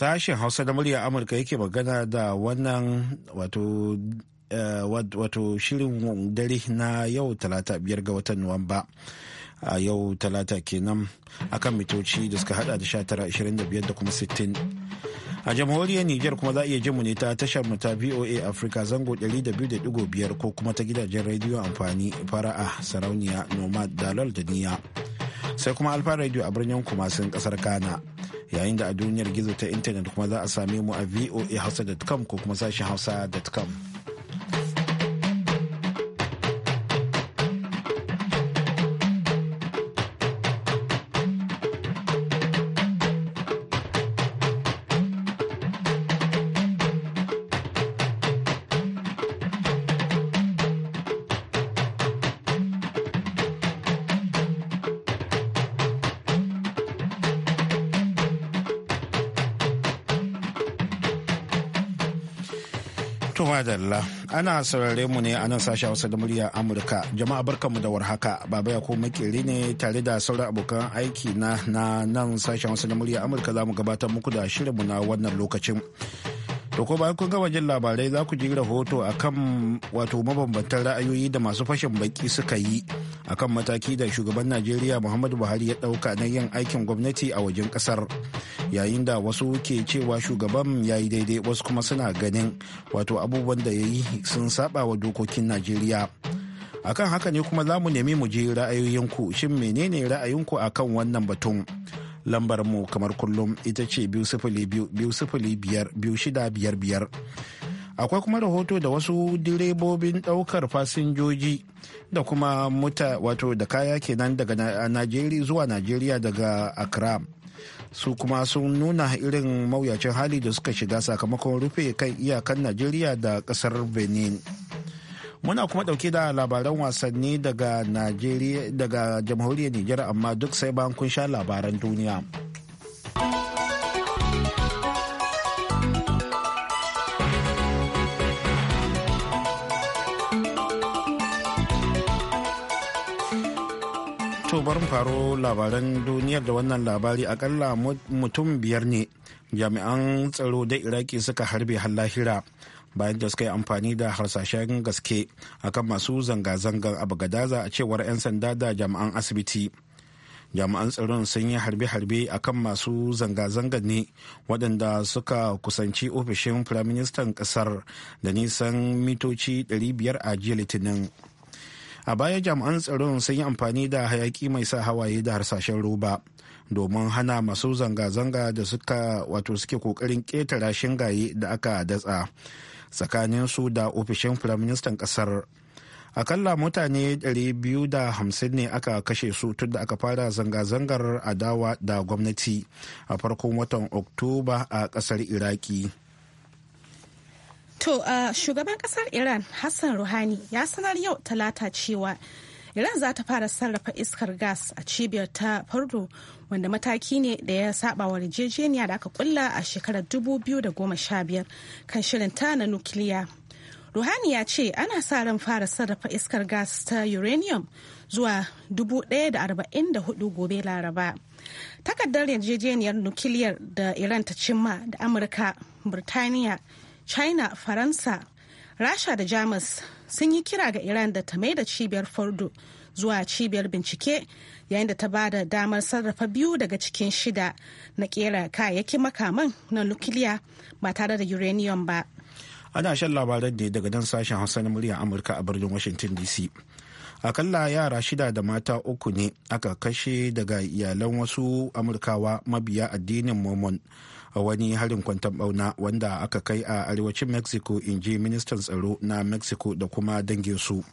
Sashen Hausa da murya Amurka yake magana da wannan wato eh, wato shirin dare na yau talata biyar ga watan Nuwamba. a yau talata kenan akan mitoci da suka hada da 1925 da kuma 60 a jamhuriyar niger kuma za a iya jin mu ne ta tashar mu ta voa africa zango 200.5 ko kuma ta gidajen rediyo amfani fara a sarauniya nomad dalal da niya sai kuma alfa radio a birnin kumasin kasar ghana yayin da a duniyar gizo ta intanet kuma za a same mu a voa-hausa.com ko kuma sashen hausa.com da madalla ana saurare mu ne a nan sashen Hausa da murya Amurka. Jama'a barkanmu da warhaka. Baba ya ko makeri ne tare da sauran abokan aiki na na nan sashen Hausa da murya Amurka za mu gabatar muku da shirin shirinmu na wannan lokacin. To ko bayan kun gama jin labarai za ku ji rahoto akan wato mabambantan ra'ayoyi da masu fashin baki suka yi akan mataki da shugaban najeriya muhammadu buhari ya dauka na yin aikin gwamnati a wajen kasar yayin da wasu ke cewa shugaban ya yi daidai wasu kuma suna ganin wato abubuwan da ya yi sun saba wa dokokin najeriya akan haka ne kuma za mu nemi mu je ra'ayoyinku shin menene ra'ayinku akan wannan batun lambar mu kamar kullum ita ce biyu sifili biyu sifili biyar biyu shida biyar biyar akwai kuma rahoto da wasu direbobin daukar fasinjoji da kuma muta wato da kaya kenan daga najeriya zuwa najeriya daga accra su kuma sun nuna irin mawuyacin hali da suka shiga sakamakon rufe kan iyakan najeriya da kasar benin muna kuma dauke da labaran wasanni daga jamhuriyar nijar amma duk sai bayan kun sha labaran duniya. to bari faro labaran duniyar da wannan labari akalla mutum biyar ne jami'an tsaro da iraki suka harbe hallahira bayan da suka yi amfani da harsashen gaske akan masu zanga-zangar a bagadaza a cewar 'yan sanda da jami'an asibiti jami'an tsaron sun yi harbe-harbe akan masu zanga-zangar ne waɗanda suka kusanci ofishin firaministan ƙasar da nisan mitoci 500 a jiya litinin a baya jami'an tsaron sun yi amfani da hayaki mai sa hawaye da harsashen roba domin hana masu zanga-zanga da suka wato suke kokarin ƙetara shingaye da aka datsa tsakanin su da ofishin firaministan ƙasar akalla mutane 250 ne aka kashe su tun da aka fara zanga-zangar adawa da gwamnati a farkon watan oktoba a ƙasar iraki To, uh, shugaban kasar Iran Hassan Rouhani ya sanar yau talata cewa Iran za ta fara sarrafa iskar gas a cibiyar ta Fordo wanda mataki ne da ya saba wa yarjejeniya da aka kulla a shekarar 2015 kan shirin ta na nukiliya. Rouhani ya ce ana sa ran fara sarrafa iskar gas ta uranium zuwa 1,044 gobe laraba. Takardar yarjejeniyar nukiliyar da Iran ta cimma da Amurka, Burtaniya, china faransa rasha da jamus sun yi kira ga iran da ta mai da cibiyar fordo zuwa cibiyar bincike yayin da ta ba da damar sarrafa biyu daga cikin shida na kera kayayyakin makaman na nukiliya ba tare da uranium ba ana shan labaran da daga nan sashen hausa na murya amurka a birnin washington dc akalla yara shida da mata uku ne aka kashe daga iyalan wasu amurkawa mabiya addinin mormon a wani harin kwantan bauna wanda aka kai a arewacin mexico in ji ministan tsaro na mexico da kuma dangin su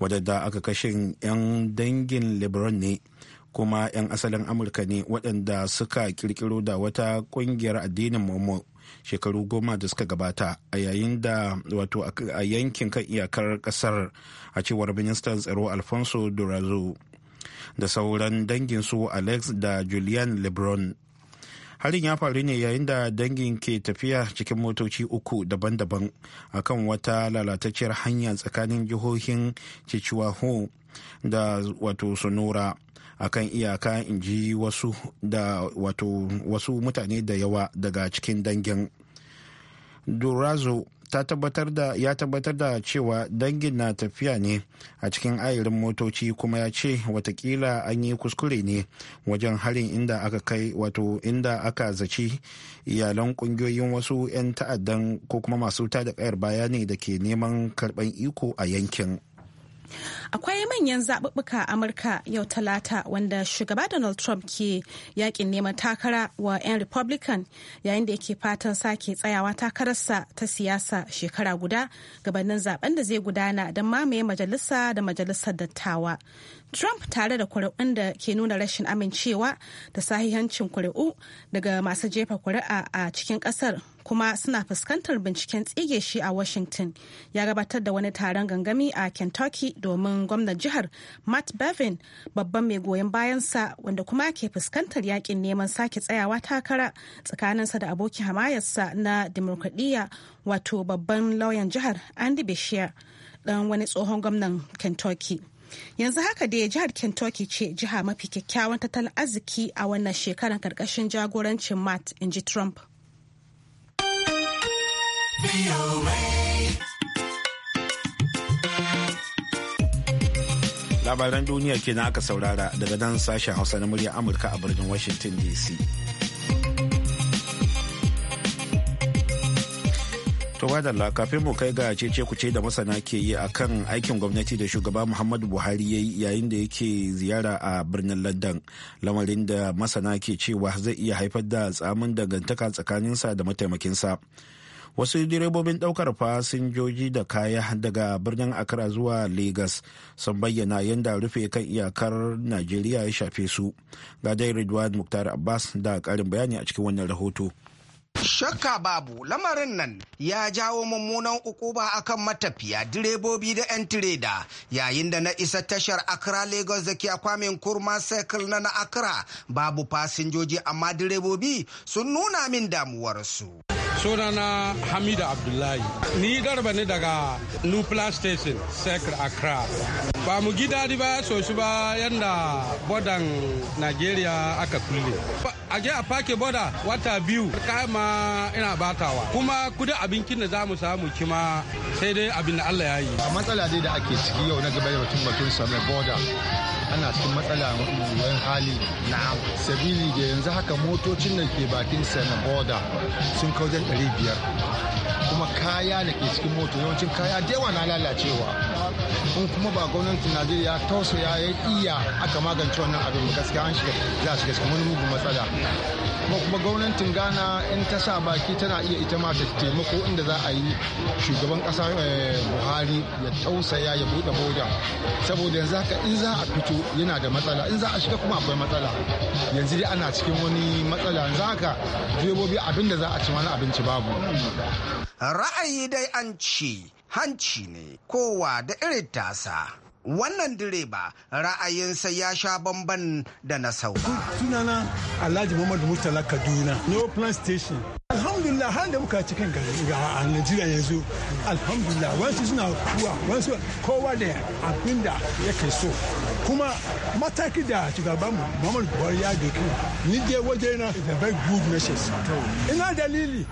wadanda aka kashe 'yan dangin lebron ne kuma 'yan asalin amurka ne waɗanda suka kirkiro da wata ƙungiyar addinin momo shekaru goma da suka gabata a yayin da wato a yankin kan iyakar ƙasar a cewar ministan tsaro alfonso durazo da sauran dangin su alex da julian lebron harin ya faru ne yayin da dangin ke tafiya cikin motoci uku daban-daban akan wata lalatacciyar hanya tsakanin jihohin chichuaho da wato sonora akan iyaka in ji wasu da wato wasu mutane da yawa daga cikin dangin durazo ta ya tabbatar da cewa dangin na tafiya ne a cikin ayarin motoci kuma ya ce watakila an yi kuskure ne wajen harin inda aka kai wato inda aka zaci iyalan kungiyoyin wasu 'yan ta'addan ko kuma masu tada kayar baya ne da ke neman karban iko a yankin. akwai manyan zaɓuɓɓuka a amurka yau talata wanda shugaba donald trump ke yakin neman takara wa 'yan republican yayin da yake fatan sake tsayawa takararsa ta siyasa shekara guda gabanin zaben da zai gudana don mamaye majalisa da majalisar dattawa Trump tare da kuri'un da ke nuna rashin amincewa da sahihancin kuri'u daga masu jefa kuri'a a cikin kasar kuma suna fuskantar binciken tsige shi a Washington ya gabatar da wani taron gangami a Kentucky domin gwamnan jihar Matt Bevin babban mai goyon bayansa wanda kuma ke fuskantar yakin neman sake tsayawa takara tsakaninsa da abokin hamayarsa na demokradiyya wato babban lauyan jihar Andy Beshear dan wani tsohon gwamnan Kentucky. yanzu haka dai jihar kentucky ce jiha mafi kyakkyawan tattalin arziki a wannan shekarar karkashin jagorancin matt in ji trump labaran duniya kenan aka saurara daga nan sashen hausa na murya amurka a birnin washington dc To kafin mu kai ga cece kuce da masana ke yi akan aikin gwamnati da shugaba Muhammadu Buhari ya yayin da yake ziyara a birnin London lamarin da masana ke cewa zai iya haifar da tsamin dangantaka tsakaninsa da mataimakinsa. Wasu direbobin ɗaukar fasinjoji da kaya daga birnin Accra zuwa Lagos sun bayyana yadda rufe kan iyakar Najeriya ya shafe su. Ga Ridwan Muktar Abbas da ƙarin bayani a cikin wannan rahoto. Shakka babu lamarin nan ya jawo mummunan ukuba akan matafiya direbobi da 'yan tireda yayin da na isa tashar Accra Lagos da ke kurma circle na na Accra babu fasinjoji amma direbobi sun nuna min damuwarsu. sunana hamida abdullahi ni garba ne daga nupla station secre accra ba mu gida ba shi ba yanda bodan nigeria aka kulle a je a fake boda wata biyu ma ina batawa kuma kudin abinkin da za mu samu kima sai dai abin da allah ya yi a matsala dai da ake ciki yau na gaba da batun batun samun boda ana cikin matsala wani hali na'am sabili da yanzu haka motocin da ke bakin sana boda sun kai dari 500 kuma kaya da ke cikin moto yawancin kaya da yawa na lalacewa in kuma ba gwamnatin najeriya tausaya ya iya aka magance wannan abin gaskiya an shiga za a shiga cikin wani mugun matsala ko kuma gwamnatin ghana in ta sa baki tana iya ita ma ta taimako inda za a yi shugaban kasa eh, buhari ya tausaya ya bude boda saboda yanzu haka in za a fito yana da matsala in za a shiga kuma akwai matsala yanzu dai ana cikin wani matsala yanzu haka direbobi abin da za a ci wani abinci babu ra'ayi dai an ci hanci ne kowa da irin tasa wannan direba ra'ayinsa ya sha bamban da na sauka. sunana alhaji muhammadu murtala kaduna no plan station alhamdulillah har da muka cikin ga a najeriya yanzu alhamdulillah wasu suna kuwa wasu kowa da abin da yake so kuma mataki da shugaban muhammadu buhari ya doki ni dai waje na da bai good ina dalili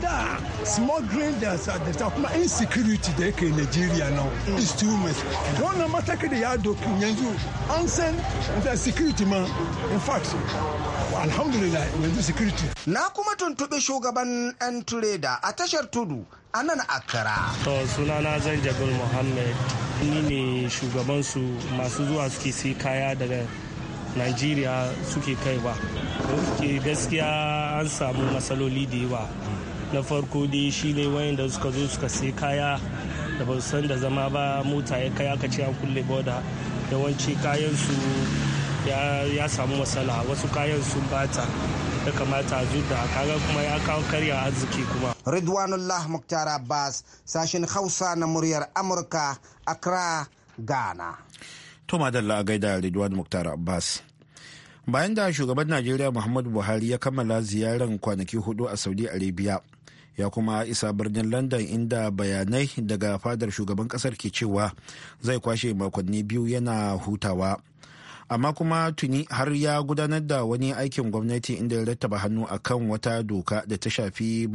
da smuggling da ta kuma insecurity da yake nigeria now is too much Don't wannan mataki da ya doki yanzu an san da security ma in fact alhamdulillah yanzu security na kuma tuntuɓi shugaban 'yan tureda a tashar tudu a nan akara to sunana zan jabir muhammad ni ne shugabansu masu zuwa suke sai kaya daga nigeria suke kai ba. gaskiya an samu matsaloli da yawa na farko dai shi shine wayanda suka zo suka sai kaya da ba san da zama ba mota ya kai aka ce an kulle boda yawanci kayan su ya samu matsala wasu kayan sun bata ya kamata a juta kaga kuma ya kawo karya arziki kuma ridwanullah muktar abbas sashin hausa na muryar amurka accra ghana to madalla a gaida ridwan muktar abbas bayan da shugaban najeriya muhammadu buhari ya kammala ziyarar kwanaki hudu a saudi arabia ya kuma isa birnin london inda bayanai daga fadar shugaban kasar ke cewa zai kwashe makonni biyu yana hutawa amma kuma tuni har ya gudanar da wani aikin gwamnati inda ya rattaba hannu a kan wata doka da ta shafi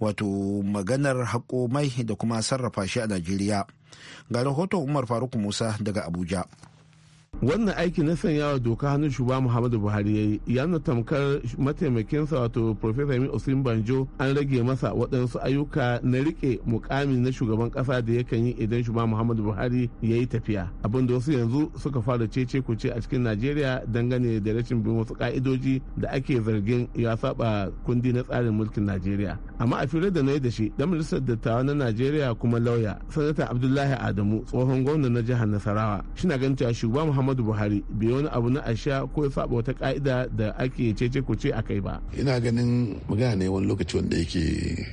wato maganar haƙo mai da kuma sarrafa shi a najeriya ga rahoton umar faruk musa daga abuja wannan aiki na sanyawa doka hannun shugaba muhammadu buhari ya yi ya nuna tamkar mataimakinsa wato profesa yemi osin banjo an rage masa waɗansu ayyuka na rike mukami na shugaban ƙasa da yakan yi idan shugaba muhammadu buhari ya yi tafiya abin da wasu yanzu suka fara cece ce a cikin najeriya dangane da rashin bin wasu ka'idoji da ake zargin ya saba kundi na tsarin mulkin najeriya amma a fira da na yi da shi dan majalisar dattawa na najeriya kuma lauya sanata abdullahi adamu tsohon gwamna na jihar nasarawa shi na ganin cewa shugaba muhammadu muhammadu buhari bai wani abu na asha ko ya saba wata ka'ida da ake cece ku ce akai ba ina ganin magana ne wani lokaci wanda yake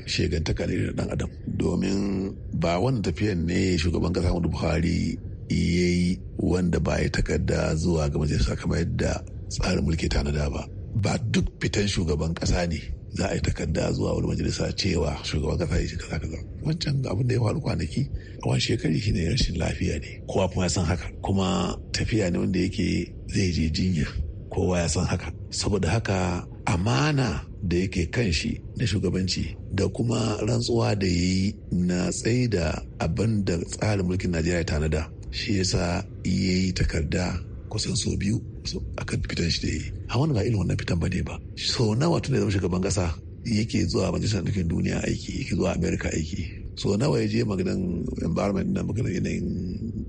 shegantaka ne da dan adam domin ba wani tafiyan ne shugaban kasa muhammadu buhari ya yi wanda ba ya takarda zuwa ga majalisa kamar yadda tsarin mulki tanada ba ba duk fitan shugaban ƙasa ne za a yi takarda zuwa wani majalisa cewa shugaban kasa ya ce kaza kaza wancan abin da ya faru kwanaki a wani shekari shine rashin lafiya ne kowa kuma ya san haka kuma tafiya ne wanda yake zai je jinya kowa ya san haka saboda haka amana da yake kan shi na shugabanci da kuma rantsuwa da ya yi na tsaye da abin da tsarin mulkin najeriya ya tanada shi yasa ya yi takarda kusan sau biyu akan fitan shi da yi A wani ba irin wannan fitan ba ne ba so nawa tun da zama shugaban kasa yake zuwa majalisar dukkan duniya aiki yake zuwa america aiki so nawa ya je maganin environment na maganin yanayin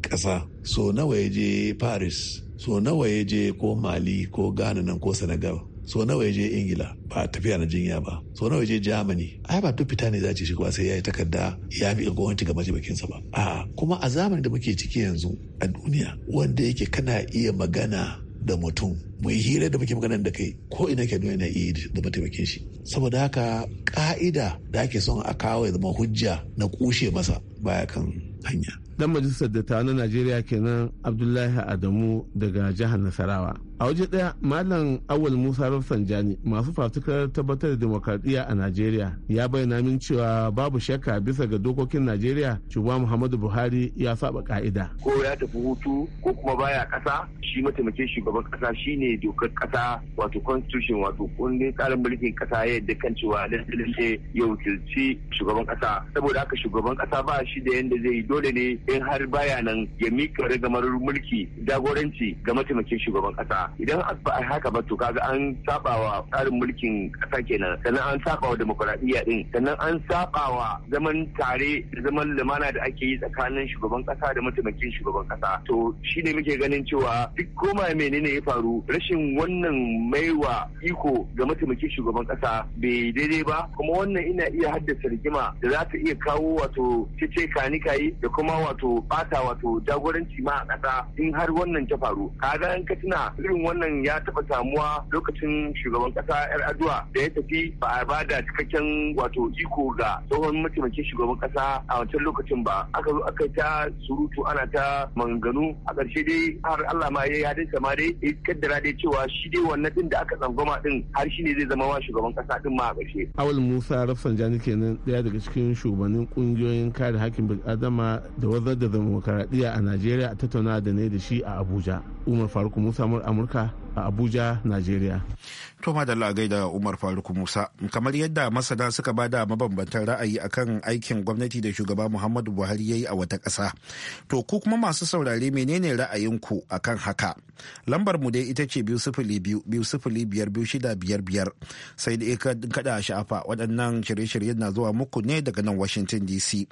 kasa so nawa ya je paris so nawa ya je ko mali ko ghana nan ko senegal so nawa ya je ingila ba tafiya na jinya ba so nawa ya je germany ai ba duk fita ne za ci shiga sai ya yi takarda ya bi ga gwamnati ga bakinsa ba a kuma a zamanin da muke ciki yanzu a duniya wanda yake kana iya magana da mutum mai hira da muke maganar da kai ko ina ke nuna iya da mataimakin shi saboda haka ka'ida da ake son a kawo ya zama hujja na kushe masa baya kan hanya dan majalisar dattawa na najeriya kenan abdullahi adamu daga jihar nasarawa a waje ɗaya malam awal musa rafsanjani masu fafutukar tabbatar da demokradiyya a najeriya ya bayyana min cewa babu shakka bisa ga dokokin najeriya shugaban muhammadu buhari ya saba ka'ida ko ya tafi hutu ko kuma baya kasa shi mataimakin shugaban kasa shine dokar kasa wato constitution wato kundin tsarin mulkin kasa ya yadda kan cewa lalle ya wakilci shugaban ƙasa saboda haka shugaban ƙasa ba shi da yadda zai yi dole ne in har baya nan ya mika rigamar mulki jagoranci ga mataimakin shugaban kasa idan ba a haka ba to kaga an wa tsarin mulkin kasa kenan sannan an wa demokuraɗiyya din sannan an wa zaman tare da zaman lumana da ake yi tsakanin shugaban kasa da mataimakin shugaban kasa to shine muke ganin cewa duk koma menene ya faru rashin wannan maiwa iko ga mataimakin shugaban kasa bai daidai ba kuma wannan ina iya haddasa rigima da za ta iya kawo wato cece kani kayi da kuma wato bata wato jagoranci ma a ƙasa in har wannan ta faru kaga in ka tuna irin wannan ya taɓa samuwa lokacin shugaban ƙasa yar adua da ya tafi ba a ba da cikakken wato iko ga tsohon mataimakin shugaban ƙasa a wancan lokacin ba aka zo aka ta surutu ana ta manganu a ƙarshe dai har Allah ma ya hadinsa ma dai ya kaddara dai cewa shi dai wannan din da aka tsangwama din har shi ne zai zama wa shugaban kasa din ma a ƙarshe. Awul Musa Rafsanjani kenan ɗaya daga cikin shugabannin ƙungiyoyin kare hakkin bil'adama da wazar da demokaradiyya a najeriya a tattauna da ne da shi a abuja umar faruk musa amurka a abuja najeriya To madalla a gaida Umar Faruk Musa, kamar yadda masana suka bada mabambantan ra'ayi akan aikin gwamnati da shugaba Muhammadu Buhari ya yi a wata ƙasa. To ku kuma masu saurare menene ra'ayinku akan haka? Lambar mu dai ita ce biyu sifili biyar biyu shida biyar biyar. Sai da ka kada sha'afa waɗannan shirye-shiryen na zuwa muku ne daga nan Washington DC.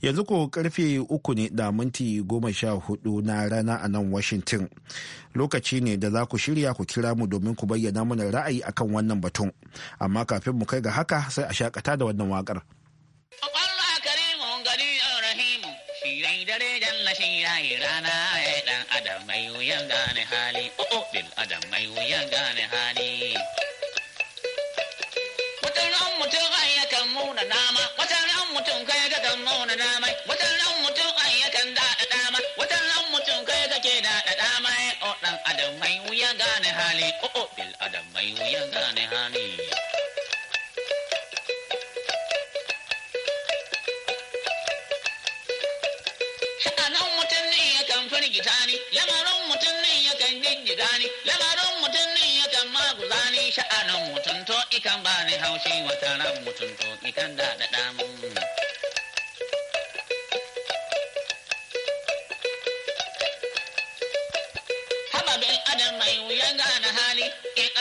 Yanzu ko karfe uku ne da minti goma sha hudu na rana a nan Washington. Lokaci ne da za ku shirya ku kira mu domin ku bayyana mana za a yi akan wannan batun amma kafin mu kai ga haka sai a shakata da wannan wakar. dare janna shi yayi rana ya eh, dan adam gane oh, oh, wata mutum muna nama wata ran mutum kai ga kan muna nama wata dan adam mai wuya gane hali o'o oh, oh, bil adam mai wuya gane hali sha'anan mutum ne yakan firgita ni lamarin mutum ne yakan jijjiga ni lamarin mutum ne yakan maguza ni sha'anan mutum to ikan bani haushi wataran mutum to ikan daɗaɗa mu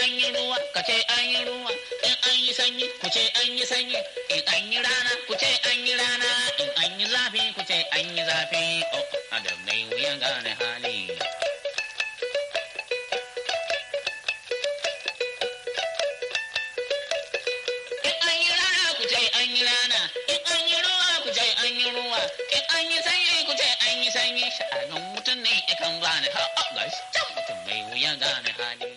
an yi ruwa ka ce an yi ruwa in an yi sanyi ku ce an yi sanyi in an yi rana ku ce an yi rana in an yi zafi ku ce an yi zafi oh adam mai wuyan gane hali sha'anin mutum ne ikan gane ha oh, gashi can mutum mai wuya gane hali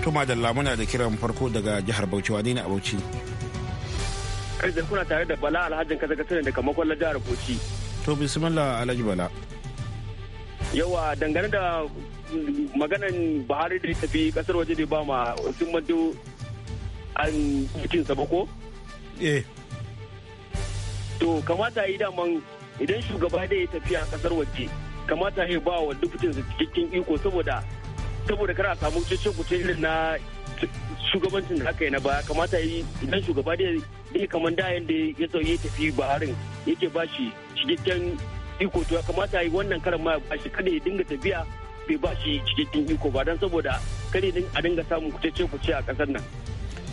Tuma da lamuna da kiran farko daga jihar Bauchi wani ne a Bauchi. Arzikin kuna tare da Bala Alhajin kaza katsina daga makwallar jihar Bauchi. To bismillah Alhaji Bala. Yawa dangane da maganan Buhari da ya tafi kasar waje da ba ma sun mado an cikin sabako ko? Eh. To kamata yi daman idan shugaba da ya tafiya kasar waje kamata ya ba wa dukkan cikin iko saboda saboda kana samu cece kuce irin na shugabancin da aka yi na baya kamata yi idan shugaba da kamar da yadda ya sauye tafi baharin yake ba shi cikakken iko to kamata yi wannan karan ma ba shi kada ya dinga tafiya bai ba shi cikakken iko ba don saboda kada a dinga samun kuce kuce a kasar nan.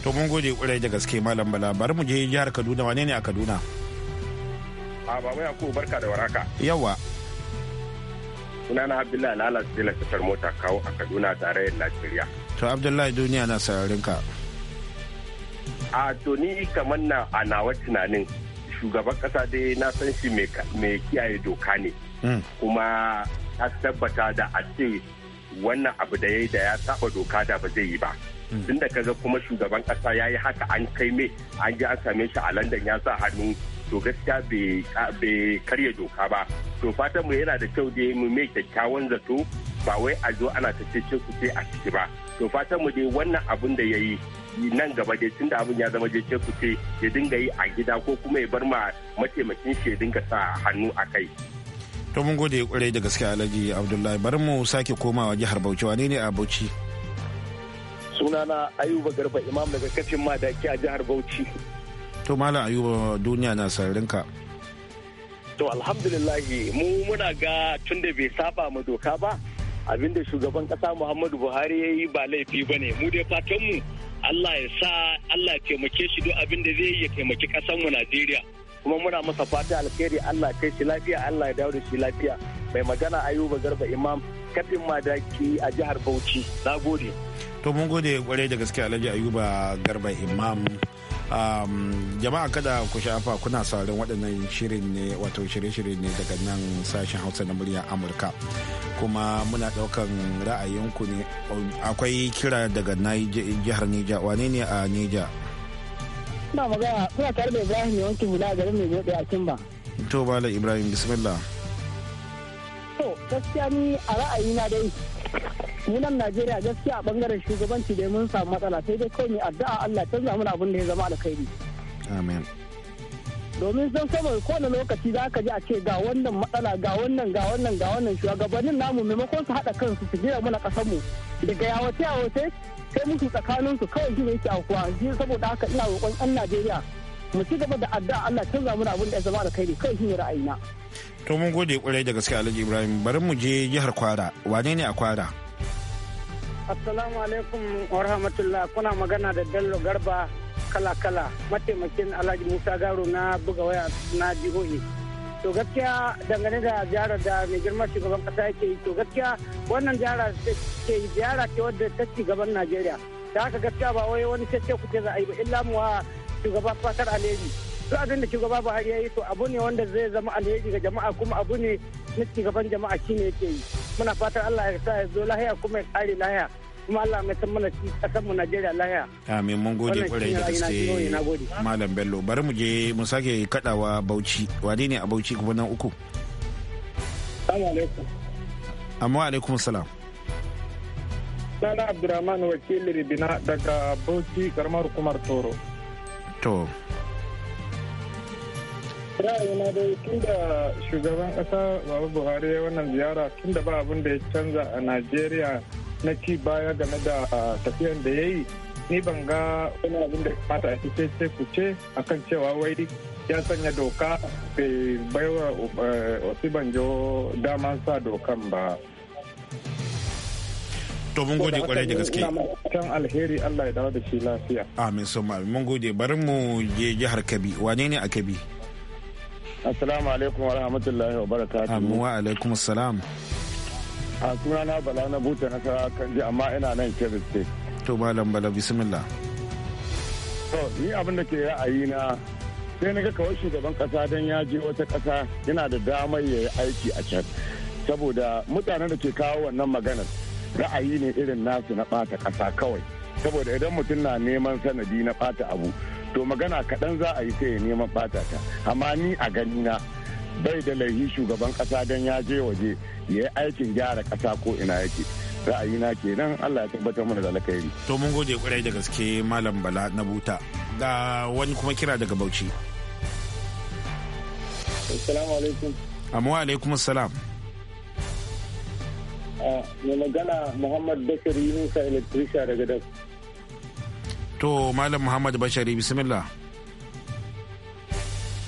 to mun gode kurai da gaske malam bala bari mu je jihar kaduna wane ne a kaduna. a baba yakubu barka da waraka. yawa. sunana abdullahi lala sila kasar mota kawo a kaduna tarayyar najeriya to abdullahi duniya na sararin ka a to ni kamar na a nawa tunanin shugaban kasa dai na san shi mai kiyaye doka ne hmm. kuma ta tabbata da a ce wannan abu da ya yi da ya saba doka da ba zai yi ba hmm. tun da kaga kuma shugaban kasa ya yi haka an kai mai an ji an same shi a london ya sa hannu to gaskiya bai karya doka ba to fatan mu yana da kyau dai mu mai kyakkyawan zato ba wai a zo ana ta ce su sai a ciki ba to fatan mu dai wannan abun da ya yi nan gaba dai tun da abin ya zama je ku ce ya dinga yi a gida ko kuma ya bar ma mataimakin shi ya dinga sa hannu a kai. To mun gode kwarai da gaske Alhaji Abdullahi bari mu sake komawa jihar Bauchi wane ne a Bauchi? Sunana Ayuba Garba Imam daga kacin Madaki a jihar Bauchi. to mala ayuba duniya na sararinka to alhamdulillah mu muna ga tunda bai saba mu doka ba abinda shugaban kasa muhammadu buhari ya yi ba laifi ba ne mu dai fatanmu allah ya sa allah ya taimake shi duk abinda da zai ya taimaki mu najeriya kuma muna masa fata alkhairi allah kai shi lafiya allah ya dawo da shi lafiya mai magana ayuba garba imam kafin madaki a jihar bauchi na gode to mun gode kwarai da gaske alhaji ayuba garba imam jama'a kada ku shafa kuna sauran waɗannan shirin ne wato shirye-shirye ne daga nan sashen hausa na muryar amurka kuma muna ɗaukan ra'ayinku ne akwai kira daga jihar neja wane ne a neja. ina magana kuna tare da ibrahim ya wanke hula garin mai a kimba to bala ibrahim bismillah to gaskiya ni a ra'ayina dai munan nan Najeriya gaskiya a bangaren shugabanci dai mun samu matsala sai dai kawai addu'a Allah canza mana abin da ya zama alkhairi. Amen. Domin san saboda kowane lokaci za ka ji a ce ga wannan matsala ga wannan ga wannan ga wannan shugabannin namu maimakon su haɗa kansu su jira mana mu daga yawace yawace sai musu tsakaninsu kawai shi ne yake saboda haka ina roƙon 'yan Najeriya mu ci gaba da addu'a Allah canza mana abin da ya zama da kai ne kai shi ra'ayina to mun gode kwarai da gaske Alhaji Ibrahim bari mu je jihar Kwara wane ne a Kwara Assalamu alaikum wa rahmatullah kuna magana da Bello Garba kala kala mataimakin Alhaji Musa Garo na buga waya na jihohi to gaskiya dangane da ziyarar da mai girma shugaban kasa yake yi to gaskiya wannan ziyara ke ziyara ce wadda ta ci gaban Najeriya da haka gaskiya ba wai wani cece kuke za a yi ba illa mu shugaba fatar alheri duk abin da shugaba Buhari ya yi to abu ne wanda zai zama alheri ga jama'a kuma abu ne na shugaban jama'a shi ne yake yi muna fatar Allah ya sa ya zo lahiya kuma ya kare lahiya kuma Allah mai san mana kasar mu Najeriya lahiya amin mun gode kwarai da gaske malam Bello bari mu je mu sake kadawa Bauchi wani ne a Bauchi kuma nan uku Assalamu alaikum Amma alaikum salam Sana Abdurrahman wakilin Ribina daga Bauchi karamar hukumar Toro to ra'ayina dai tun da shugaban ƙasa baba buhari ya wannan ziyara tun da ba abin da ya canza a najeriya na ci baya game da ah, tafiyan da ya yi ni ban ga wani abin da kamata a cikin ce ce a kan cewa wai ya sanya doka bai baiwa eh, osibanjo daman sa dokan ba to mun gode kwarai da gaske kan alheri Allah ya dawo da shi lafiya amin so amin mun gode bari mu je jihar Kabi wane ne a Kabi assalamu alaikum wa rahmatullahi wa barakatuh amin wa alaikum assalam a sunana bala na buta na kan ji amma ina nan Kabi state to malam bala bismillah to ni abin da ke ra'ayi na sai na ga kawai shugaban kasa don ya je wata kasa yana da damar ya yi aiki a can saboda mutanen da ke kawo wannan maganar ra'ayi ne irin nasu na ɓata ƙasa kawai saboda idan mutum na neman sanadi na bata abu to magana kaɗan za a yi sai ya neman ɓata ta amma ni a gani na bai da laihi shugaban ƙasa don ya je waje ya yi aikin gyara ƙasa ko ina yake ra'ayina kenan Allah ya tabbatar mana da alkhairi. To mun gode kwarai da gaske Malam Bala na buta ga wani kuma kira daga Bauchi. Assalamu alaikum. Amma alaikum assalam. Eh, mai magana Muhammad Bashir Yunusa electrician daga Dab. To Malam Muhammad Bashir bismillah.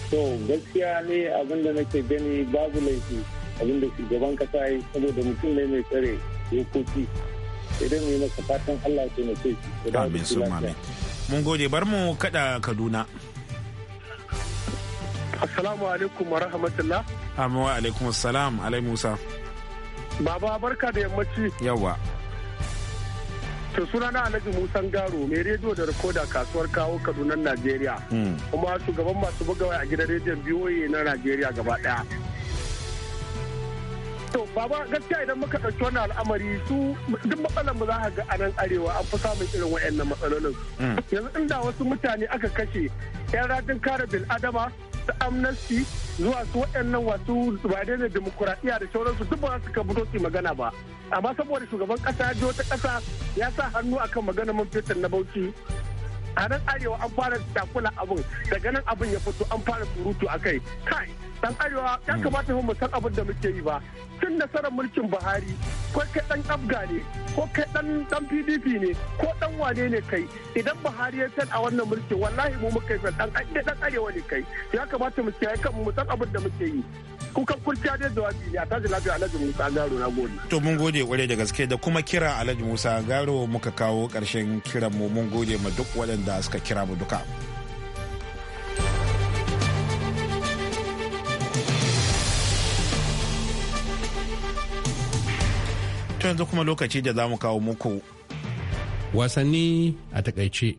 To gaskiya ne abinda nake gani babu laifi abinda shugaban kasa yi saboda mutum ne mai tsare dokoki. Idan yi masa fatan Allah ya taimake shi. Amin su amin. Mun gode bar mu kada Kaduna. Assalamu alaikum wa rahmatullah. Amin wa alaikum assalam Alai Musa. Baba barka da yammaci. Yawa. To suna na Alhaji Musan Garo mai rediyo da rikoda kasuwar kawo kadunan Najeriya. Hmm. Kuma shugaban masu buga a gidan rediyon biyoyi na Najeriya gaba daya. To baba gaskiya idan muka ɗauki wannan al'amari su duk matsalar mu za ka ga a nan arewa an fi samun irin wa'annan matsalolin. Hmm. Yanzu inda wasu mutane aka kashe 'yan rajin kare bil'adama su amnesty zuwa su waɗannan wasu ba daidai demokuraɗiyya da sauransu duk ba su kabu su magana ba amma saboda shugaban ƙasa ya ta ƙasa ya sa hannu akan magana man fetur na bauchi a nan arewa an fara takula abin daga nan abin ya fito an fara surutu a kai kai dan arewa ya hmm. kamata mu san abin da muke yi ba tun nasarar mulkin buhari ko kai dan abga ne ko kai dan pdp ne ko dan wane ne kai idan buhari ya san a wannan mulki wallahi mu muka yi dan dan arewa ne kai ya kamata mu kiyaye kan mu san abin da muke yi kukan kurciya dai jawabi ne a tashi lafiya alhaji musa garo na gode to mun gode kwarai da gaske da kuma kira alhaji musa garo muka kawo karshen kiran mu mun gode ma duk waɗanda suka kira mu duka. yanzu kuma lokaci da za mu kawo muku. Wasanni a takaice.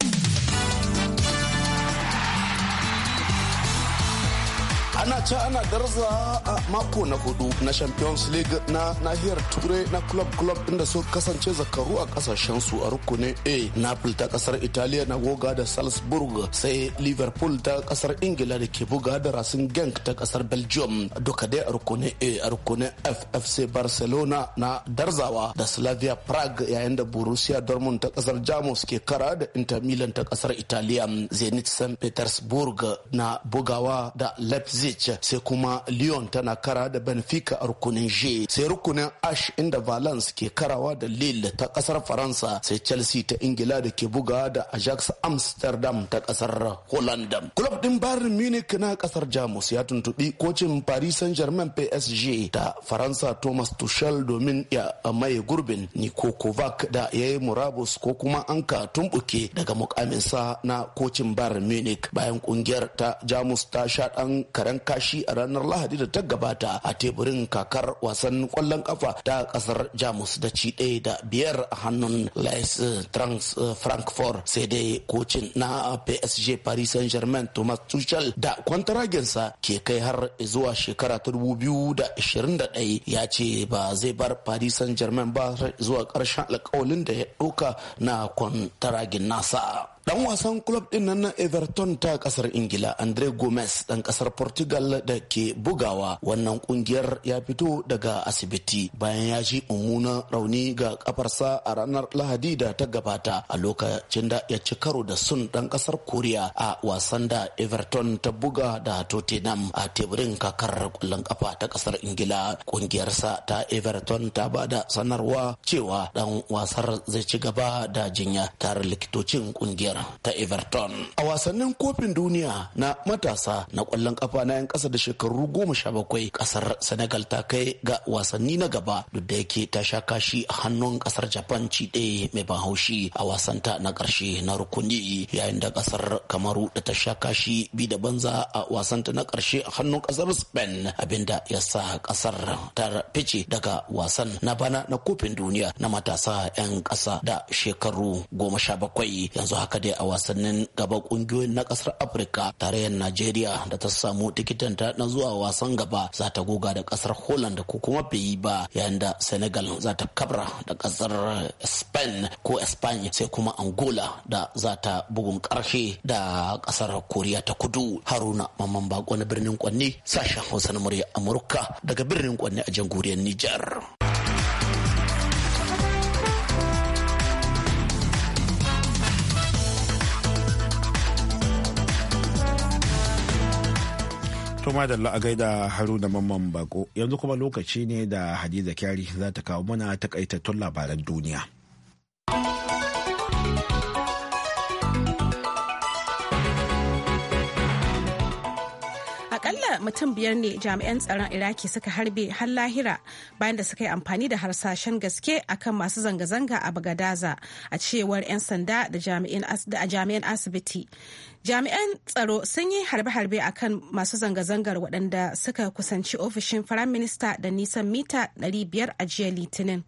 ana ce ana darza a mako na hudu na champions league na nahiyar turai na club club inda su kasance zakaru a kasashen su a rukunin a napoli ta kasar italiya na goga da salzburg sai liverpool ta kasar ingila da ke buga da rasin genk ta kasar belgium duka dai a rukunin a a rukunin ffc barcelona na darzawa da slavia prague yayin da borussia dortmund ta kasar jamus ke kara da inter milan ta kasar italiya zenit st petersburg na bugawa da leipzig sai kuma Lyon tana kara da Benfica a rukunin G sai rukunin H inda Valence ke karawa da Lille ta kasar Faransa sai Chelsea ta Ingila da ke buga da Ajax Amsterdam ta kasar Holland. Club din Bayern Munich na kasar Jamus ya tuntubi kocin Paris Saint-Germain PSG ta Faransa Thomas Tuchel domin ya maye gurbin Niko Kovac da yayi murabus ko kuma an ka tumbuke daga mukaminsa na kocin Bayern Munich bayan kungiyar ta Jamus ta sha dan karen shi a ranar lahadi da ta gabata a teburin kakar wasan kwallon kafa ta kasar jamus da ci ɗaya da biyar a hannun lais trans frankfurt sai dai kocin na psg paris saint germain thomas tuchel da kwantaragensa ke kai har zuwa shekara ta 2021 ya ce ba zai bar paris saint germain ba zuwa ƙarshen alkawalin da ya ɗauka na kwantaragin nasa Dan wasan club din nan na Everton ta kasar Ingila Andre Gomes, dan kasar Portugal da ke bugawa wannan kungiyar ya fito daga asibiti bayan ya ji mummunan rauni ga kafarsa a ranar Lahadi da ta gabata a lokacin da ya ci karo da Sun dan kasar Korea a wasan da Everton ta buga da Tottenham a teburin kakar kullun kafa ta kasar Ingila kungiyarsa ta Everton ta ba da sanarwa cewa dan wasar zai ci gaba da jinya tare likitocin kungiyar kungiyar ta Everton. A wasannin kofin duniya na matasa na ƙwallon kafa na 'yan ƙasa da shekaru goma sha bakwai ƙasar Senegal ta kai ga wasanni na gaba duk da yake ta sha kashi a hannun ƙasar Japan ci ɗaya mai ban haushi a wasanta na ƙarshe na rukuni yayin da kasar Kamaru da ta sha kashi bi da banza a wasanta na ƙarshe a hannun kasar Spain abinda ya sa ƙasar ta fice daga wasan na bana na kofin duniya na matasa 'yan ƙasa da shekaru goma sha bakwai yanzu haka dai a wasannin gaba kungiyoyin na kasar afirka tarayyar najeriya da ta samu tikitanta ta na zuwa wasan gaba za ta goga da kasar holland ko kuma bai ba yayin da senegal za ta kabra da kasar spain ko spain sai kuma angola da za ta bugun karshe da kasar koriya ta kudu haruna mamman bako na birnin kwanni sashen hausa na murya amurka daga birnin kwanni a jamhuriyar nijar To madalla a gaida Haruna Mamman Bako yanzu kuma lokaci ne da Hadiza Kyari za ta kawo mana takaitattun labaran duniya. mutum biyar ne jami'an tsaron iraki suka harbe har lahira bayan da suka yi amfani da harsashen gaske akan masu zanga-zanga a bagadaza a cewar 'yan sanda da jami'an asibiti jami'an tsaro sun yi harbe-harbe akan masu zanga-zangar waɗanda suka kusanci ofishin firaminista da nisan mita 500 a jiya litinin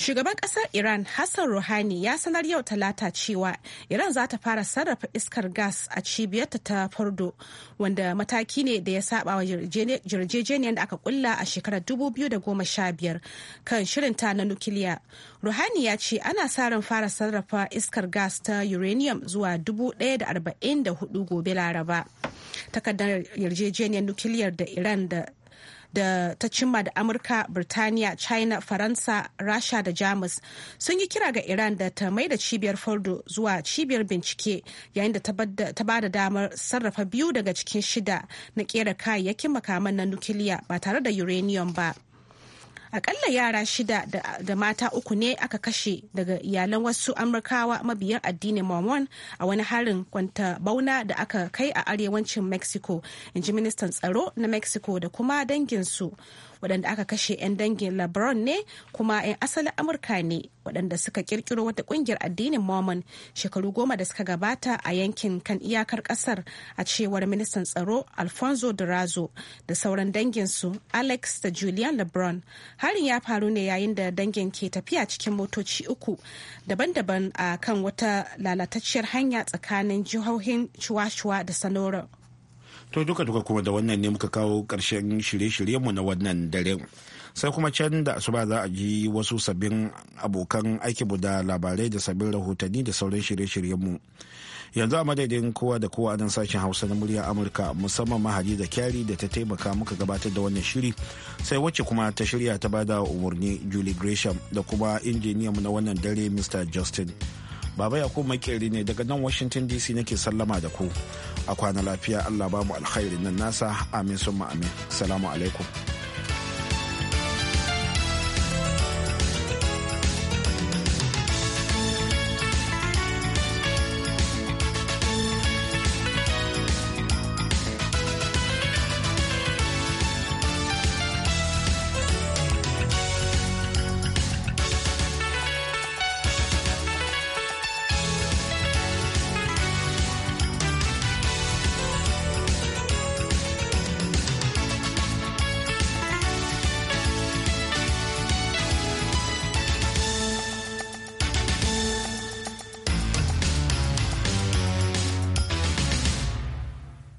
Shugaban ƙasar Iran Hassan Rouhani ya sanar yau talata cewa Iran za ta fara sarrafa iskar gas a cibiyarta ta fardo wanda mataki ne da ya saba wa yarjejeniyar da aka kulla a shekarar 2015 kan shirinta na nukiliya. Rouhani ya ce ana sa ran fara sarrafa iskar gas ta uranium zuwa 1,044 gobe Laraba. Takardar yarjejeniyar nukiliyar da Iran da da ta cimma da amurka birtaniya china faransa rasha da jamus sun yi kira ga iran da ta mai da cibiyar fardo zuwa cibiyar bincike yayin da ta ba da damar sarrafa biyu daga cikin shida na kera kayayyakin makaman na nukiliya ba tare da uranium ba akalla yara shida da mata uku ne aka kashe daga iyalan wasu amurkawa mabiyan addinin mormon a wani harin kwanta bauna da aka kai a arewacin mexico in ji ministan tsaro na mexico da kuma danginsu waɗanda aka kashe 'yan dangin lebron ne kuma 'yan asalin amurka ne waɗanda suka kirkiro wata ƙungiyar addinin mormon shekaru goma da suka gabata a yankin kan iyakar ƙasar a cewar ministan tsaro alfonso durazo da sauran danginsu alex da julian lebron harin ya faru ne yayin da dangin ke tafiya cikin motoci uku daban-daban a kan wata lalatacciyar hanya tsakanin jihohin chuwa da sanora to duka duka kuma da wannan ne muka kawo ƙarshen shirye-shiryenmu na wannan dare sai kuma can da asuba za a ji wasu sabbin abokan aikinmu da labarai da sabbin rahotanni da sauran shirye-shiryenmu yanzu a madadin kowa da kowa nan sashen hausa na murya amurka musamman mahadi da kyari da ta taimaka muka gabatar da wannan shiri sai wacce kuma ta shirya ta bada umarni julie gresham da kuma injiniyan na wannan dare mr justin baba yakubu makeri ne daga nan washington dc nake sallama da ku a kwana lafiya Allah ba mu alkhairin nan nasa amin summa amin salamu alaikum